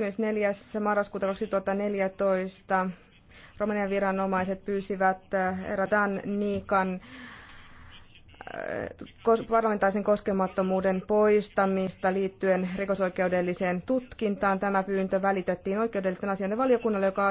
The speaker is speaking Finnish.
24. marraskuuta 2014 Romanian viranomaiset pyysivät äh, Radan Niikan äh, parlamentaisen koskemattomuuden poistamista liittyen rikosoikeudelliseen tutkintaan. Tämä pyyntö välitettiin oikeudellisten asioiden valiokunnalle, joka